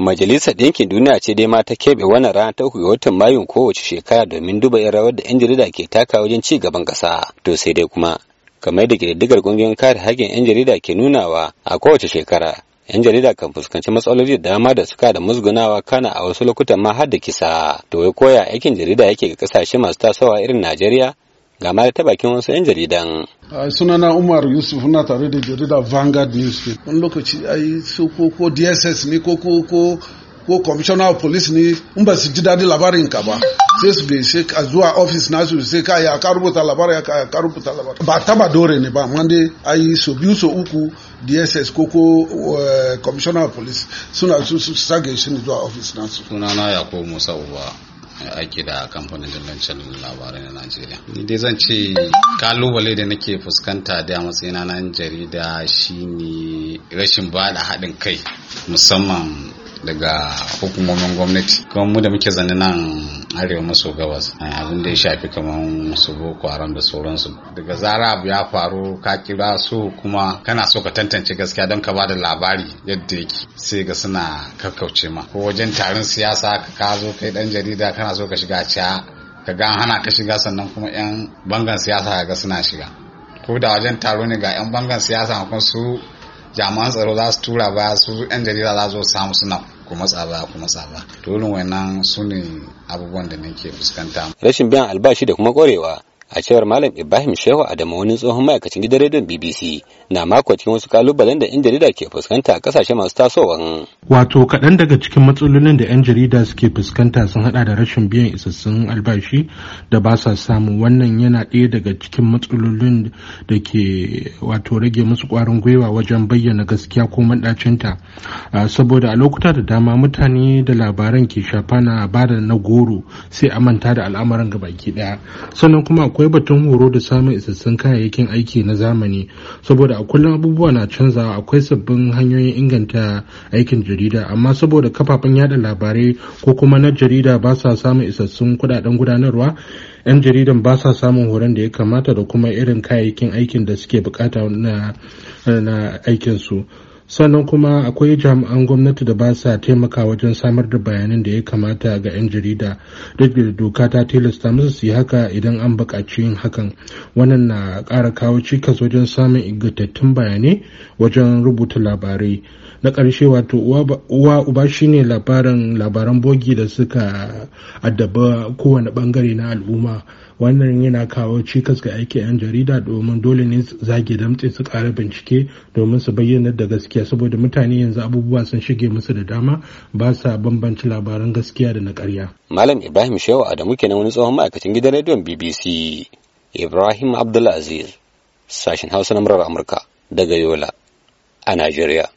Majalisar Ɗinkin Duniya ce dai ma ta keɓe wannan rana ta uku watan Mayun kowace shekara domin duba yin rawar da 'yan jarida ke taka wajen ci gaban ƙasa. To sai dai kuma, kamar da ƙididdigar ƙungiyar kare haƙƙin 'yan jarida ke nunawa a kowace shekara, 'yan jarida kan fuskanci matsaloli da dama da suka da musgunawa kana a wasu lokutan ma har da kisa. To wai koya aikin jarida yake ga ƙasashe masu tasowa irin Najeriya? ga ma ta bakin wasu 'yan jaridan. sunana umar yusuf na tare da jarida vanguard news wani lokaci ai su ko ko dss ne ko ko ko ko commissioner of police ne in ba su ji daɗi labarin ka ba sai su gaishe a zuwa ofis nasu sai ka ya ka rubuta labarin ya ka rubuta labarin ba taba dore ne ba amma dai ai so biyu so uku dss ko ko commissioner of police suna su sage shi ne zuwa ofis nasu sunana yakubu musa uba aiki da kamfanin dillancin labarai na najeriya ni dai zan ce kalubale da nake fuskanta da matsayina na jarida shine rashin bada haɗin kai musamman daga hukumomin gwamnati kuma mu da muke zane nan arewa maso gabas abin da ya shafi kamar su boko haram da sauransu daga zara abu ya faru ka kira su kuma kana so ka tantance gaskiya don ka ba da labari yadda yake sai ga suna kakkauce ma ko wajen taron siyasa ka zo kai dan jarida kana so ka shiga ca ka ga hana ka shiga sannan kuma yan bangan siyasa ga suna shiga ko da wajen taro ne ga yan bangan siyasa kuma su jami'an tsaro za su tura ba su yan jarida za su samu suna kuma tsaba kuma tsaba to wannan su abubuwan da nake fuskanta rashin biyan albashi da kuma korewa. a cewar malam ibrahim shehu adamu wani tsohon ma'aikacin gidan rediyon bbc na mako cikin wasu kalubalen da yan jarida ke fuskanta a kasashe masu tasowan wato kaɗan daga cikin matsalolin da yan jarida suke fuskanta sun hada da rashin biyan isassun albashi da ba sa samu wannan yana ɗaya daga cikin matsalolin da ke wato rage musu ƙwarin gwiwa wajen bayyana gaskiya ko maɗacinta saboda a lokuta da dama mutane da labaran ke shafa na bada na goro sai a manta da al'amuran gabaki ɗaya sannan kuma akwai batun horo da samun isassun kayayyakin aiki na zamani saboda a kullum abubuwa na canza akwai sabbin hanyoyin inganta aikin jarida amma saboda kafafen yada labarai ko kuma na jarida ba sa samun isassun kudaden gudanarwa 'yan jaridan ba sa samun horon da ya kamata da kuma irin kayayyakin aikin da suke bukata na aikinsu sannan kuma akwai jami'an gwamnati da ba sa taimaka wajen samar da bayanan da ya kamata ga 'yan jarida duk da doka ta tilasta musu su yi haka idan an buƙaci yin hakan wannan na ƙara kawo cikas wajen samun ingantattun bayanai wajen rubuta labarai na ƙarshe wato uwa uba shine labaran labaran bogi da suka addaba kowane bangare na al'umma wannan yana kawo cikas ga aikin 'yan jarida domin dole ne zage damtse su ƙara bincike domin su bayyana da gaske. gaskiya saboda mutane yanzu abubuwa sun shige musu da dama ba sa bambanci labaran gaskiya da na ƙarya. Malam Ibrahim Shehu Adamu kenan wani tsohon ma'aikacin gidan rediyon BBC Ibrahim Abdulaziz sashen Hausa na murar Amurka daga Yola a Najeriya.